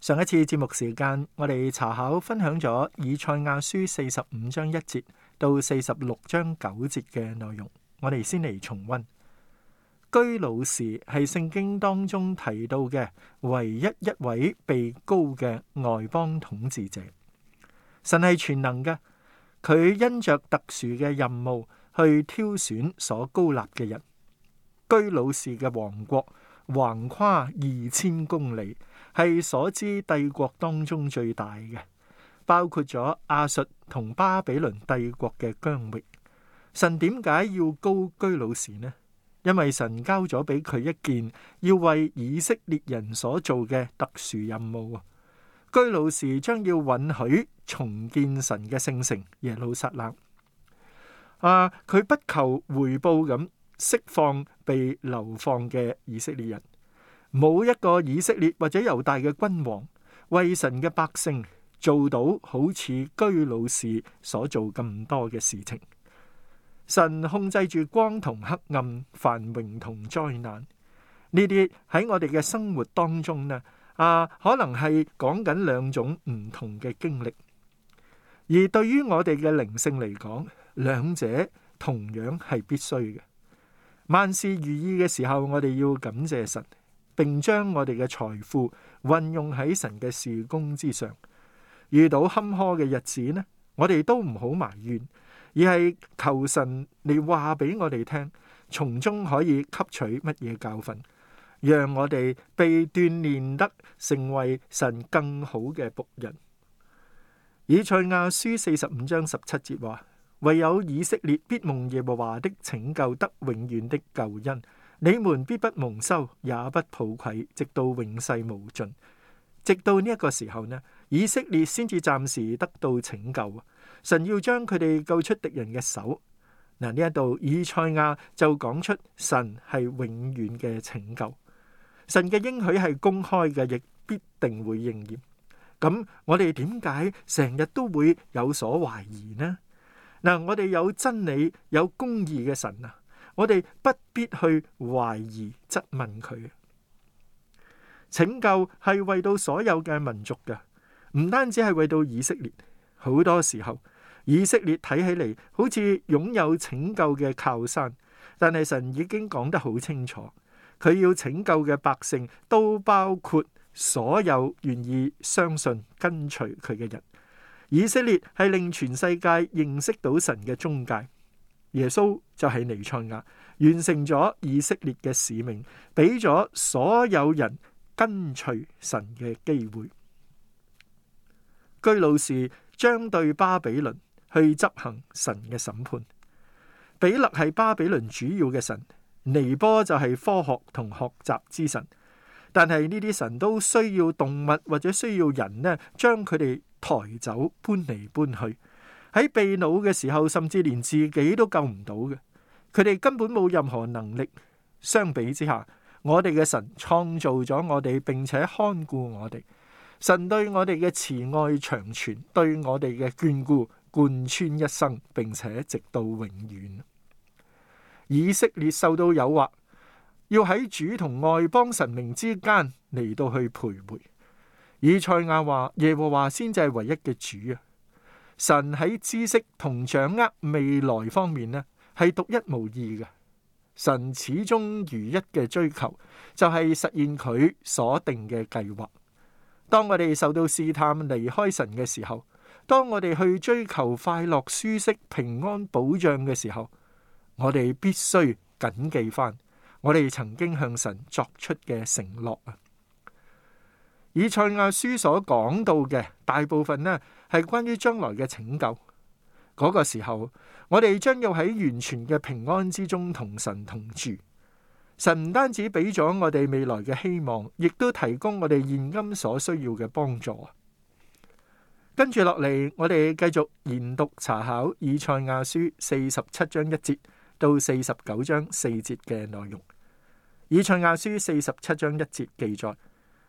上一次節目時間，我哋查考分享咗以賽亞書四十五章一節到四十六章九節嘅內容。我哋先嚟重溫。居魯士係聖經當中提到嘅唯一一位被膏嘅外邦統治者。神係全能嘅，佢因着特殊嘅任務去挑選所膏立嘅人。居魯士嘅王國橫跨二千公里。係所知帝國當中最大嘅，包括咗亞述同巴比倫帝國嘅疆域。神點解要高居魯士呢？因為神交咗俾佢一件要為以色列人所做嘅特殊任務。居魯士將要允許重建神嘅聖城耶路撒冷。啊，佢不求回報咁釋放被流放嘅以色列人。冇一個以色列或者猶大嘅君王為神嘅百姓做到好似居魯士所做咁多嘅事情。神控制住光同黑暗、繁榮同災難，呢啲喺我哋嘅生活當中呢啊，可能係講緊兩種唔同嘅經歷。而對於我哋嘅靈性嚟講，兩者同樣係必須嘅。萬事如意嘅時候，我哋要感謝神。並將我哋嘅財富運用喺神嘅事工之上。遇到坎坷嘅日子呢，我哋都唔好埋怨，而係求神你話俾我哋聽，從中可以吸取乜嘢教訓，讓我哋被鍛煉得成為神更好嘅僕人。以賽亞書四十五章十七節話：唯有以色列必蒙耶和華的拯救，得永遠的救恩。你們必不蒙羞，也不抱愧，直到永世無盡。直到呢一個時候呢，以色列先至暫時得到拯救啊！神要將佢哋救出敵人嘅手。嗱，呢一度以賽亞就講出神係永遠嘅拯救，神嘅應許係公開嘅，亦必定會應驗。咁我哋點解成日都會有所懷疑呢？嗱，我哋有真理、有公義嘅神啊！我哋不必去懷疑、質問佢。拯救係為到所有嘅民族嘅，唔單止係為到以色列。好多時候，以色列睇起嚟好似擁有拯救嘅靠山，但係神已經講得好清楚，佢要拯救嘅百姓都包括所有願意相信、跟隨佢嘅人。以色列係令全世界認識到神嘅中介。耶穌就係彌賽亞，完成咗以色列嘅使命，俾咗所有人跟隨神嘅機會。居魯士將對巴比倫去執行神嘅審判。彼勒係巴比倫主要嘅神，尼波就係科學同學習之神。但係呢啲神都需要動物或者需要人呢，將佢哋抬走搬嚟搬去。喺被擄嘅時候，甚至連自己都救唔到嘅，佢哋根本冇任何能力。相比之下，我哋嘅神創造咗我哋，並且看顧我哋。神對我哋嘅慈愛長存，對我哋嘅眷顧貫穿一生，並且直到永遠。以色列受到誘惑，要喺主同外邦神明之間嚟到去徘徊。以賽亞話：耶和華先至係唯一嘅主啊！神喺知識同掌握未來方面呢，係獨一無二嘅。神始終如一嘅追求就係實現佢所定嘅計劃。當我哋受到試探離開神嘅時候，當我哋去追求快樂、舒適、平安、保障嘅時候，我哋必須謹記翻我哋曾經向神作出嘅承諾。以賽亞書所講到嘅大部分呢，係關於將來嘅拯救，嗰個時候，我哋將要喺完全嘅平安之中同神同住。神唔單止俾咗我哋未來嘅希望，亦都提供我哋現今所需要嘅幫助。跟住落嚟，我哋繼續研讀查考以賽亞書四十七章一節到四十九章四節嘅內容。以賽亞書四十七章一節記載：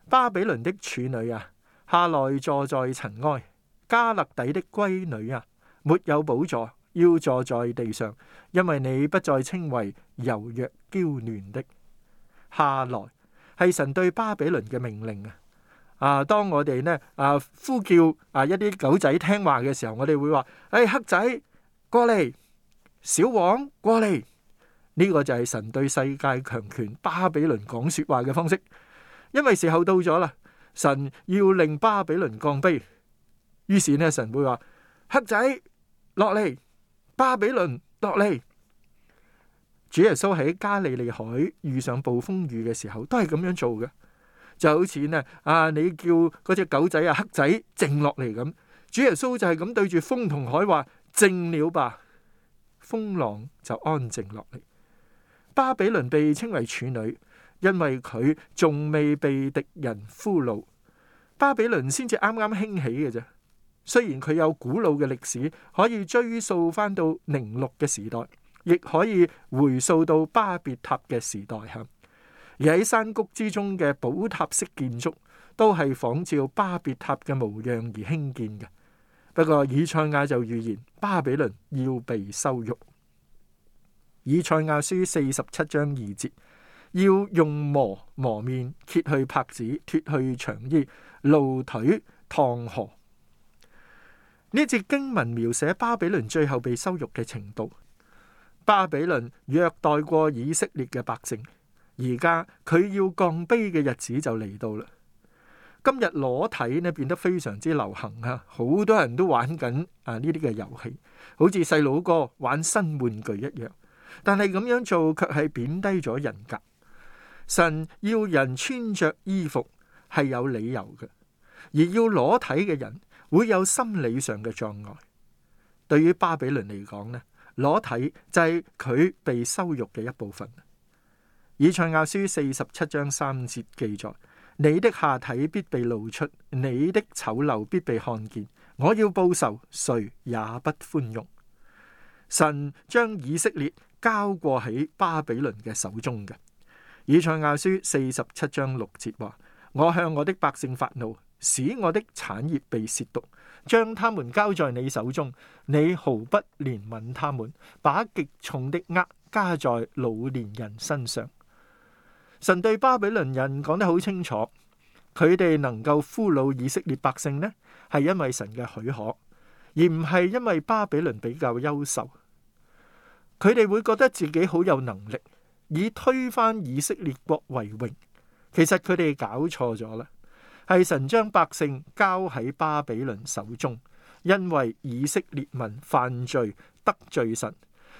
巴比倫的處女啊，下來坐在塵埃。加勒底的閨女啊，沒有寶座，要坐在地上，因為你不再稱為柔弱嬌嫩的。下來係神對巴比倫嘅命令啊！啊，當我哋呢啊呼叫啊一啲狗仔聽話嘅時候，我哋會話：誒、哎，黑仔過嚟，小王過嚟。呢、這個就係神對世界強權巴比倫講說話嘅方式，因為時候到咗啦，神要令巴比倫降卑。於是呢，神會話黑仔落嚟，巴比倫落嚟。主耶穌喺加利利海遇上暴風雨嘅時候，都係咁樣做嘅。就好似呢，啊，你叫嗰隻狗仔啊，黑仔靜落嚟咁。主耶穌就係咁對住風同海話靜了吧，風浪就安靜落嚟。巴比倫被稱為處女，因為佢仲未被敵人俘虜。巴比倫先至啱啱興起嘅啫。雖然佢有古老嘅歷史，可以追溯翻到寧錄嘅時代，亦可以回溯到巴別塔嘅時代。嚇，而喺山谷之中嘅寶塔式建築都係仿照巴別塔嘅模樣而興建嘅。不過，以賽亞就預言巴比倫要被羞辱。以賽亞書四十七章二節，要用磨磨麵，揭去帕子，脫去長衣，露腿趟河。呢節經文描寫巴比倫最後被羞辱嘅程度。巴比倫虐待過以色列嘅百姓，而家佢要降卑嘅日子就嚟到啦。今日裸體呢，變得非常之流行啊，好多人都玩緊啊呢啲嘅遊戲，好似細佬哥玩新玩具一樣。但係咁樣做卻係貶低咗人格。神要人穿着衣服係有理由嘅，而要裸體嘅人。會有心理上嘅障礙。對於巴比倫嚟講呢，裸體就係佢被羞辱嘅一部分。以賽亞書四十七章三節記載：「你的下體必被露出，你的醜陋必被看見。我要報仇，誰也不寬容」。神將以色列交過喺巴比倫嘅手中嘅。以賽亞書四十七章六節話：「我向我的百姓發怒。使我的產業被褻瀆，將他們交在你手中，你毫不憐憫他們，把極重的軛加在老年人身上。神對巴比倫人講得好清楚，佢哋能夠俘虜以色列百姓呢，係因為神嘅許可，而唔係因為巴比倫比較優秀。佢哋會覺得自己好有能力，以推翻以色列國為榮，其實佢哋搞錯咗啦。係神將百姓交喺巴比倫手中，因為以色列民犯罪得罪神，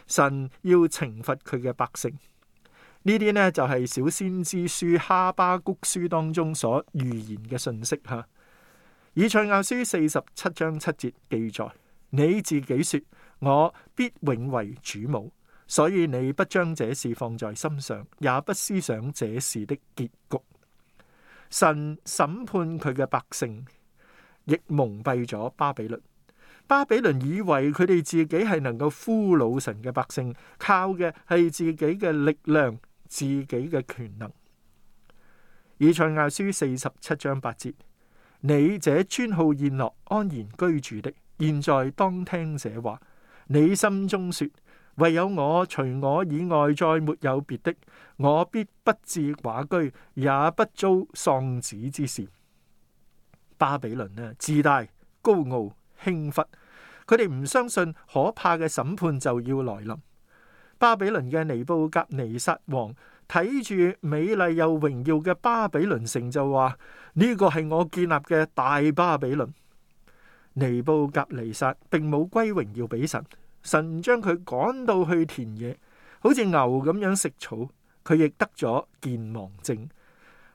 神要懲罰佢嘅百姓。呢啲呢，就係小先知書哈巴谷書當中所預言嘅信息吓。以賽亞書四十七章七節記載：你自己說，我必永為主母，所以你不將這事放在心上，也不思想這事的結局。神審判佢嘅百姓，亦蒙蔽咗巴比倫。巴比倫以為佢哋自己係能夠俘虜神嘅百姓，靠嘅係自己嘅力量、自己嘅權能。以賽亞書四十七章八節：你這專好宴樂、安然居住的，現在當聽這話。你心中說。唯有我，除我以外，再沒有別的。我必不至寡居，也不遭喪子之事。巴比倫呢，自大、高傲、輕忽，佢哋唔相信可怕嘅審判就要來臨。巴比倫嘅尼布甲尼撒王睇住美麗又榮耀嘅巴比倫城就，就話呢個係我建立嘅大巴比倫。尼布甲尼撒並冇歸榮耀俾神。神唔將佢趕到去田野，好似牛咁樣食草，佢亦得咗健忘症。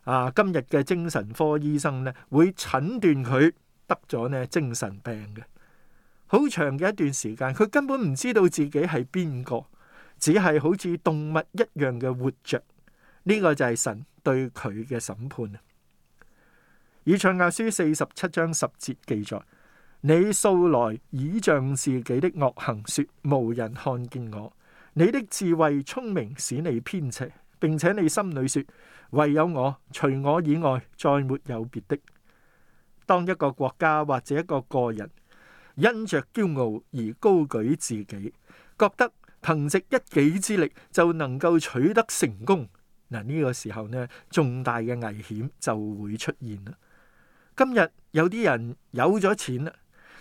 啊，今日嘅精神科醫生呢，會診斷佢得咗呢精神病嘅。好長嘅一段時間，佢根本唔知道自己係邊個，只係好似動物一樣嘅活着。呢、這個就係神對佢嘅審判啊！以賽亞書四十七章十節記載。你素來倚仗自己的惡行，說無人看見我。你的智慧聰明使你偏邪，並且你心裏說唯有我，除我以外再沒有別的。當一個國家或者一個個人因着驕傲而高舉自己，覺得憑藉一己之力就能夠取得成功，嗱，呢個時候呢，重大嘅危險就會出現啦。今日有啲人有咗錢啦。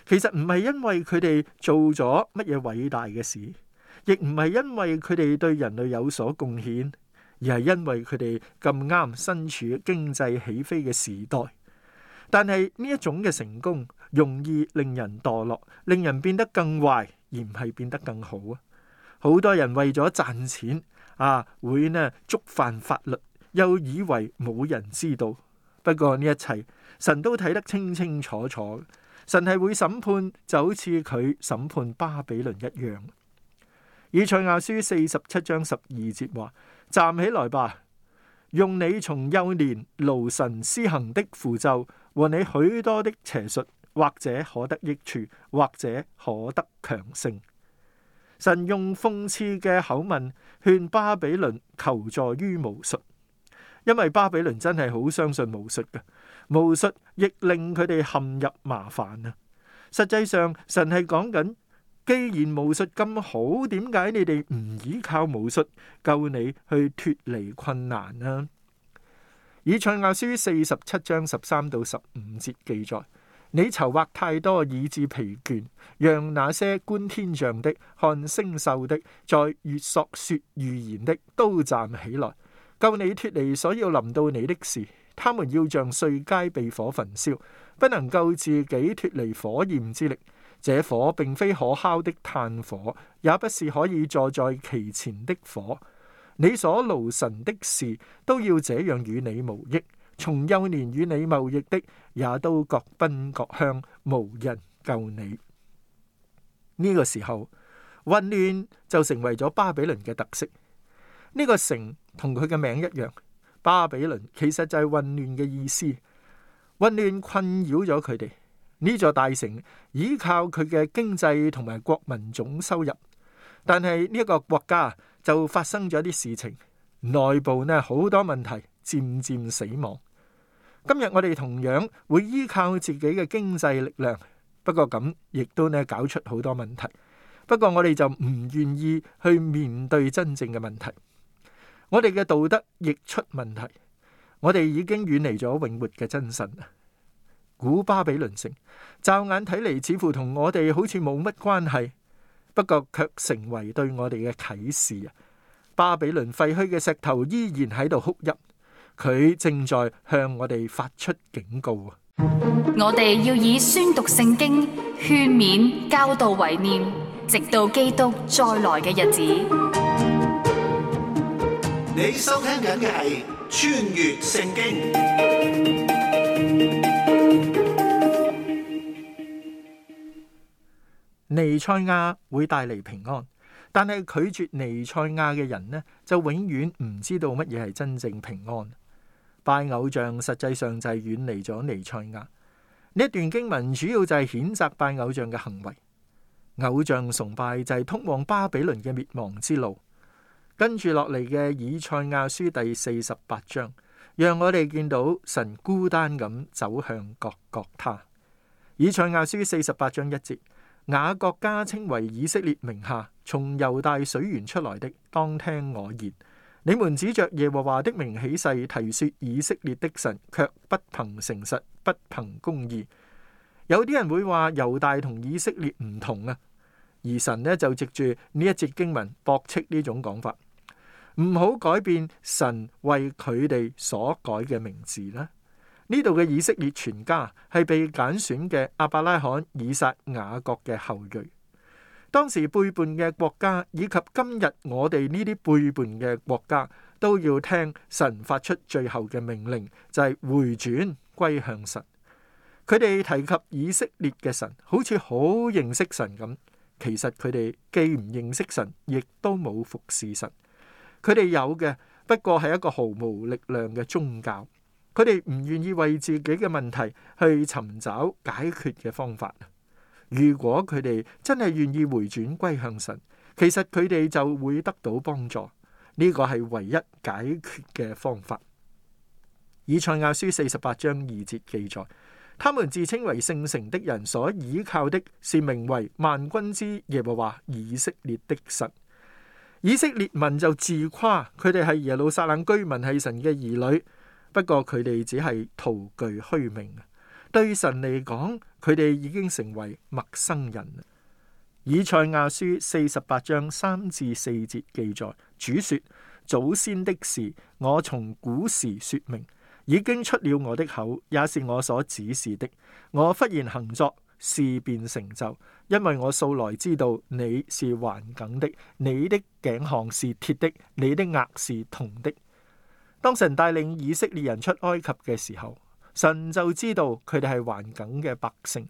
其實唔係因為佢哋做咗乜嘢偉大嘅事，亦唔係因為佢哋對人類有所貢獻，而係因為佢哋咁啱身處經濟起飛嘅時代。但係呢一種嘅成功容易令人墮落，令人變得更壞，而唔係變得更好啊！好多人為咗賺錢啊，會呢觸犯法律，又以為冇人知道。不過呢一切，神都睇得清清楚楚。神係會審判，就好似佢審判巴比倫一樣。以賽亞書四十七章十二節話：站起來吧，用你從幼年勞神施行的符咒和你許多的邪術，或者可得益處，或者可得強盛。神用諷刺嘅口吻勸巴比倫求助於巫術，因為巴比倫真係好相信巫術嘅。巫術亦令佢哋陷入麻煩啊！實際上，神係講緊，既然巫術咁好，點解你哋唔依靠巫術救你去脫離困難呢、啊？以賽亞書四十七章十三到十五節記載：你籌劃太多，以致疲倦，讓那些觀天象的、看星宿的、在月朔說預言的，都站起來，救你脫離所有臨到你的事。他們要像碎秸被火焚燒，不能夠自己脫離火焰之力。這火並非可烤的炭火，也不是可以坐在其前的火。你所勞神的事，都要這樣與你無益。從幼年與你貿易的，也都各奔各鄉，無人救你。呢個時候，混亂就成為咗巴比倫嘅特色。呢個城同佢嘅名一樣。巴比倫其實就係混亂嘅意思，混亂困擾咗佢哋，呢座大城依靠佢嘅經濟同埋國民總收入，但係呢一個國家就發生咗啲事情，內部呢好多問題，漸漸死亡。今日我哋同樣會依靠自己嘅經濟力量，不過咁亦都呢搞出好多問題，不過我哋就唔願意去面對真正嘅問題。我哋嘅道德亦出問題，我哋已經遠離咗永活嘅真神啊！古巴比倫城，驟眼睇嚟，似乎同我哋好似冇乜關係，不過卻成為對我哋嘅啟示啊！巴比倫廢墟嘅石頭依然喺度哭泣，佢正在向我哋發出警告啊！我哋要以宣讀聖經、勸勉、教導、為念，直到基督再來嘅日子。你收聽緊嘅係《穿越聖經》，尼塞亞會帶嚟平安，但係拒絕尼塞亞嘅人呢，就永遠唔知道乜嘢係真正平安。拜偶像實際上就係遠離咗尼塞亞。呢一段經文主要就係譴責拜偶像嘅行為。偶像崇拜就係通往巴比倫嘅滅亡之路。跟住落嚟嘅以賽亞書第四十八章，讓我哋見到神孤單咁走向各各他。以賽亞書四十八章一節，雅各家稱為以色列名下從猶大水源出來的，當聽我言。你們指着耶和華的名起誓，提說以色列的神却不憑誠實，不憑公義。有啲人會話猶大同以色列唔同啊，而神呢就藉住呢一節經文駁斥呢種講法。唔好改變神為佢哋所改嘅名字啦。呢度嘅以色列全家係被揀選嘅亞伯拉罕、以撒、雅各嘅後裔。當時背叛嘅國家以及今日我哋呢啲背叛嘅國家，都要聽神發出最後嘅命令，就係回轉歸向神。佢哋提及以色列嘅神，好似好認識神咁，其實佢哋既唔認識神，亦都冇服侍神。佢哋有嘅，不過係一個毫無力量嘅宗教。佢哋唔願意為自己嘅問題去尋找解決嘅方法。如果佢哋真係願意回轉歸向神，其實佢哋就會得到幫助。呢個係唯一解決嘅方法。以賽亞書四十八章二節記載：他們自稱為聖城的人所倚靠的，是名為萬軍之耶和華以色列的神。以色列民就自誇，佢哋係耶路撒冷居民，係神嘅兒女。不過佢哋只係徒具虛名，對神嚟講，佢哋已經成為陌生人。以賽亞書四十八章三至四節記載，主說：祖先的事，我從古時說明，已經出了我的口，也是我所指示的。我忽然行作，事便成就，因為我素來知道你是頑梗的，你的頸項是鐵的，你的額是銅的。當神帶領以色列人出埃及嘅時候，神就知道佢哋係頑梗嘅百姓。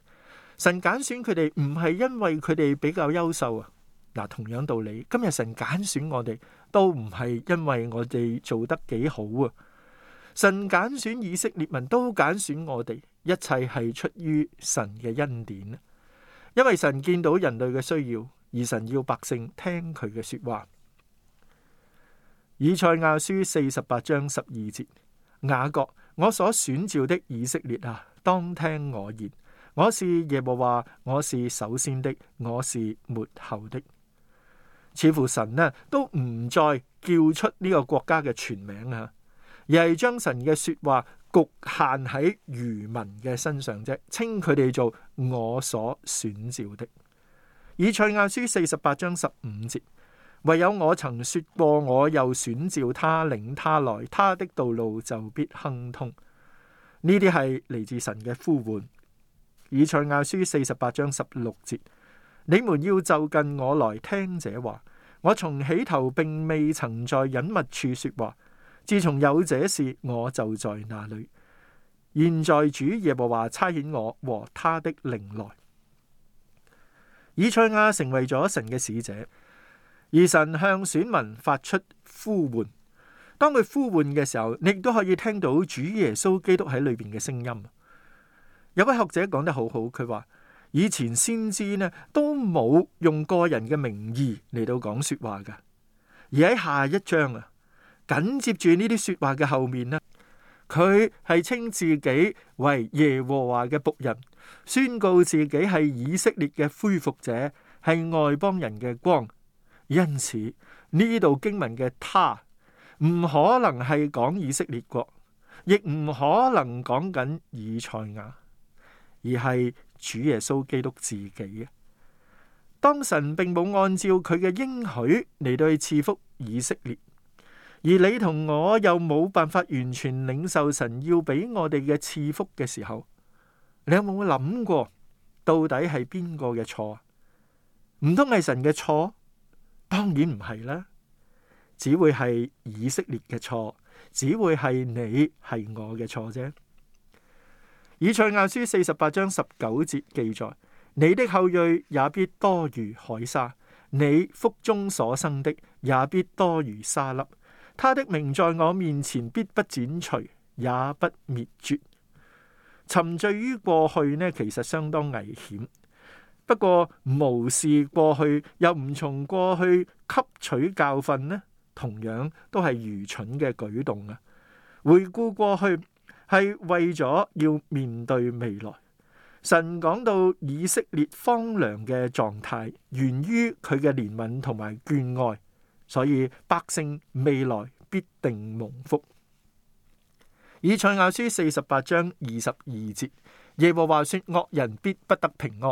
神揀選佢哋唔係因為佢哋比較優秀啊。嗱，同樣道理，今日神揀選我哋都唔係因為我哋做得幾好啊。神揀選以色列民，都揀選我哋，一切係出於神嘅恩典。因為神見到人類嘅需要，而神要百姓聽佢嘅說話。以賽亞書四十八章十二節，雅各，我所選召的以色列啊，當聽我言。我是耶和華，我是首先的，我是末後的。似乎神呢、啊、都唔再叫出呢個國家嘅全名啊。而係將神嘅說話局限喺愚民嘅身上啫，稱佢哋做我所選召的。以賽亞書四十八章十五節，唯有我曾說過，我又選召他，領他來，他的道路就必亨通。呢啲係嚟自神嘅呼喚。以賽亞書四十八章十六節，你們要就近我來聽這話，我從起頭並未曾在隱密處說話。自從有這事，我就在那裏。現在主耶和華差遣我和他的靈來。以賽亞成為咗神嘅使者，而神向選民發出呼喚。當佢呼喚嘅時候，你亦都可以聽到主耶穌基督喺裏邊嘅聲音。有位學者講得好好，佢話以前先知呢都冇用個人嘅名義嚟到講說話㗎，而喺下一章啊。緊接住呢啲說話嘅後面呢，佢係稱自己為耶和華嘅僕人，宣告自己係以色列嘅恢復者，係外邦人嘅光。因此呢度經文嘅他唔可能係講以色列國，亦唔可能講緊以賽亞，而係主耶穌基督自己啊！當神並冇按照佢嘅應許嚟到賜福以色列。而你同我又冇辦法完全領受神要俾我哋嘅賜福嘅時候，你有冇諗過到底係邊個嘅錯？唔通係神嘅錯？當然唔係啦，只會係以色列嘅錯，只會係你係我嘅錯啫。以賽亞書四十八章十九節記載： 你的後裔也必多如海沙，你腹中所生的也必多如沙粒。他的名在我面前必不剪除，也不滅絕。沉醉於過去呢，其實相當危險。不過無視過去，又唔從過去吸取教訓呢，同樣都係愚蠢嘅舉動啊！回顧過去係為咗要面對未來。神講到以色列荒涼嘅狀態，源於佢嘅憐憫同埋眷愛。所以百姓未來必定蒙福。以賽亞書四十八章二十二節，耶和華說：惡人必不得平安。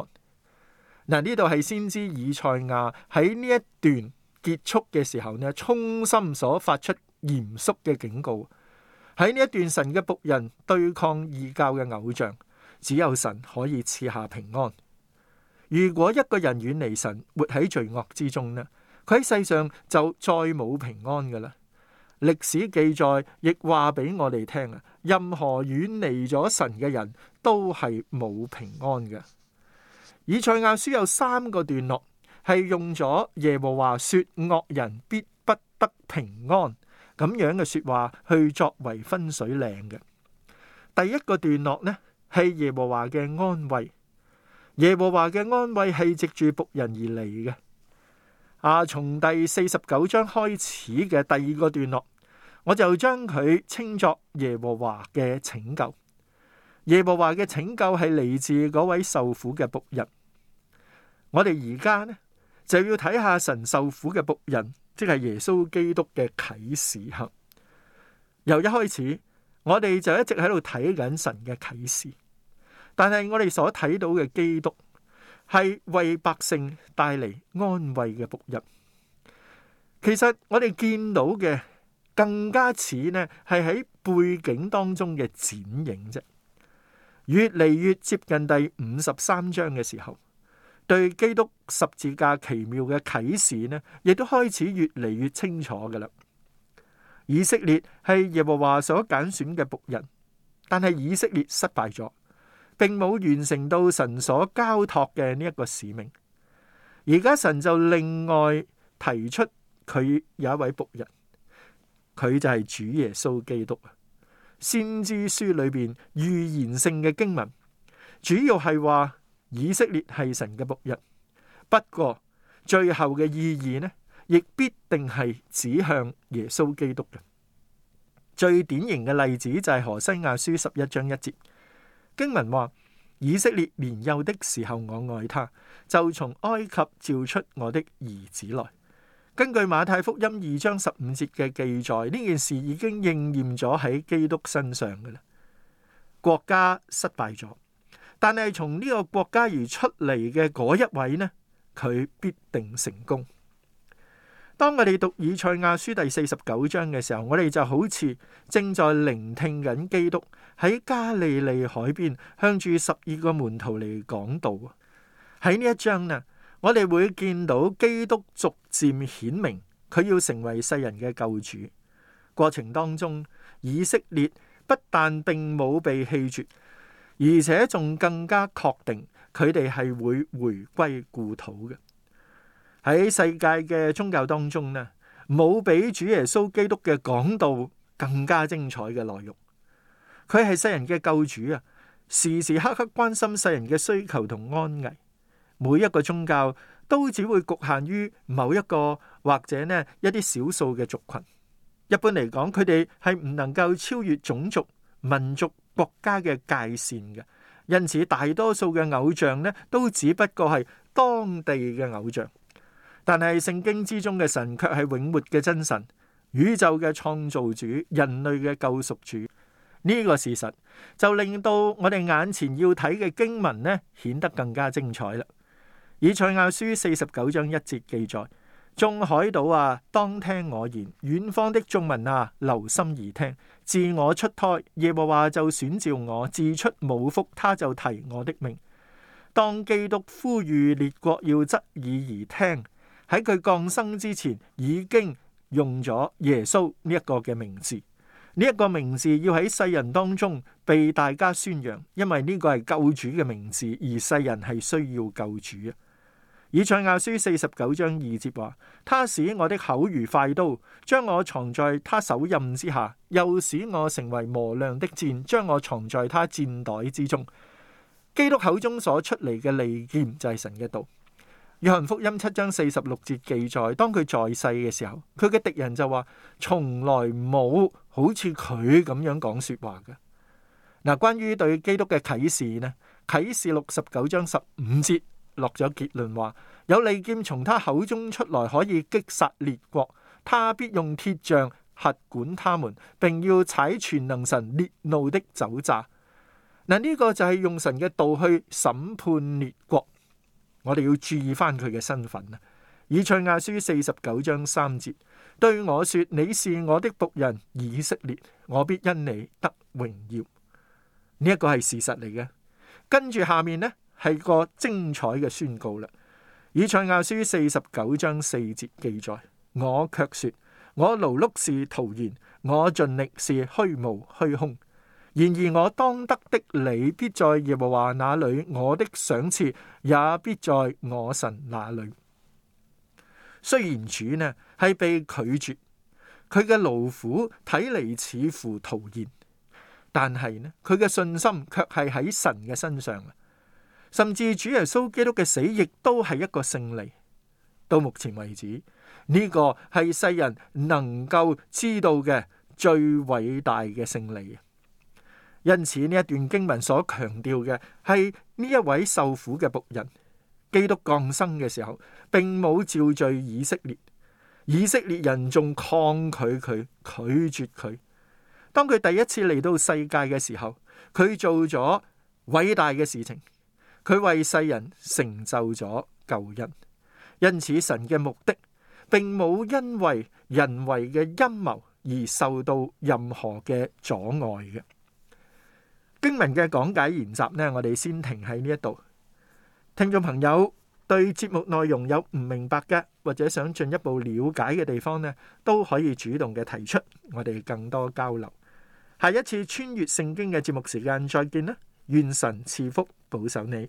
嗱，呢度係先知以賽亞喺呢一段結束嘅時候呢，衷心所發出嚴肅嘅警告。喺呢一段，神嘅僕人對抗異教嘅偶像，只有神可以賜下平安。如果一個人遠離神，活喺罪惡之中呢？佢喺世上就再冇平安噶啦！歷史記載亦話俾我哋聽啊，任何遠離咗神嘅人都係冇平安嘅。以賽亞書有三個段落，係用咗耶和華說惡人必不得平安咁樣嘅說話去作為分水嶺嘅。第一個段落呢，係耶和華嘅安慰，耶和華嘅安慰係藉住僕人而嚟嘅。啊！從第四十九章開始嘅第二個段落，我就將佢稱作耶和華嘅拯救。耶和華嘅拯救係嚟自嗰位受苦嘅僕人。我哋而家呢，就要睇下神受苦嘅僕人，即係耶穌基督嘅啟示。由一開始，我哋就一直喺度睇緊神嘅啟示，但係我哋所睇到嘅基督。係為百姓帶嚟安慰嘅僕人。其實我哋見到嘅更加似呢，係喺背景當中嘅剪影啫。越嚟越接近第五十三章嘅時候，對基督十字架奇妙嘅啟示呢，亦都開始越嚟越清楚噶啦。以色列係耶和華所揀選嘅僕人，但係以色列失敗咗，並冇完成到神所交託嘅呢一個使命，而家神就另外提出佢有一位僕人，佢就係主耶穌基督啊。先知書裏邊預言性嘅經文，主要係話以色列係神嘅僕人，不過最後嘅意義呢，亦必定係指向耶穌基督嘅。最典型嘅例子就係何西亞書十一章一節。經文話：以色列年幼的時候，我愛他，就從埃及召出我的兒子來。根據馬太福音二章十五節嘅記載，呢件事已經應驗咗喺基督身上嘅啦。國家失敗咗，但係從呢個國家而出嚟嘅嗰一位呢，佢必定成功。當我哋讀以賽亞書第四十九章嘅時候，我哋就好似正在聆聽緊基督。喺加利利海邊向住十二個門徒嚟講道喺呢一章呢，我哋會見到基督逐漸顯明佢要成為世人嘅救主。過程當中，以色列不但並冇被棄絕，而且仲更加確定佢哋係會回歸故土嘅。喺世界嘅宗教當中呢，冇比主耶穌基督嘅講道更加精彩嘅內容。佢係世人嘅救主啊！時時刻刻關心世人嘅需求同安危。每一個宗教都只會局限於某一個或者呢一啲少數嘅族群。一般嚟講，佢哋係唔能夠超越種族、民族、國家嘅界線嘅。因此，大多數嘅偶像呢都只不過係當地嘅偶像。但係聖經之中嘅神卻係永活嘅真神，宇宙嘅創造主，人類嘅救贖主。呢個事實就令到我哋眼前要睇嘅經文呢顯得更加精彩啦。以賽亞書四十九章一節記載：眾海島啊，當聽我言；遠方的眾民啊，留心而聽。自我出胎，耶和華就選召我；自出母腹，他就提我的命。當基督呼籲列國要側耳而聽，喺佢降生之前已經用咗耶穌呢一個嘅名字。呢一個名字要喺世人當中被大家宣揚，因為呢個係救主嘅名字，而世人係需要救主啊。以賽亞書四十九章二節話：他使我的口如快刀，將我藏在他手蔭之下；又使我成為磨亮的箭，將我藏在他箭袋之中。基督口中所出嚟嘅利劍就係神嘅道。約翰福音七章四十六節記載，當佢在世嘅時候，佢嘅敵人就話：從來冇。好似佢咁樣講說話嘅嗱，關於對基督嘅啟示呢？啟示六十九章十五節落咗結論話，有利劍從他口中出來，可以擊殺列國。他必用鐵杖轄管他們，並要踩全能神烈怒的酒醡。嗱、這、呢個就係用神嘅道去審判列國。我哋要注意翻佢嘅身份啊。以賽亞書四十九章三節。對我說：你是我的僕人以色列，我必因你得榮耀。呢、這、一個係事實嚟嘅。跟住下面呢係個精彩嘅宣告啦。以賽亞書四十九章四節記載：我卻說，我勞碌是徒然，我盡力是虛無虛空。然而我當得的，你必在耶和華那裏；我的賞賜也必在我神那裏。雖然主呢係被拒絕，佢嘅勞苦睇嚟似乎徒然，但係呢佢嘅信心卻係喺神嘅身上。甚至主耶穌基督嘅死亦都係一個勝利。到目前為止，呢、呢個係世人能夠知道嘅最偉大嘅勝利。因此呢一段經文所強調嘅係呢一位受苦嘅僕人。基督降生嘅時候，並冇招聚以色列，以色列人仲抗拒佢，拒絕佢。當佢第一次嚟到世界嘅時候，佢做咗偉大嘅事情，佢為世人成就咗救恩。因此，神嘅目的，並冇因為人為嘅陰謀而受到任何嘅阻礙嘅。經文嘅講解研習呢，我哋先停喺呢一度。聽眾朋友對節目內容有唔明白嘅，或者想進一步了解嘅地方呢，都可以主動嘅提出，我哋更多交流。下一次穿越聖經嘅節目時間再見啦，願神賜福保守你。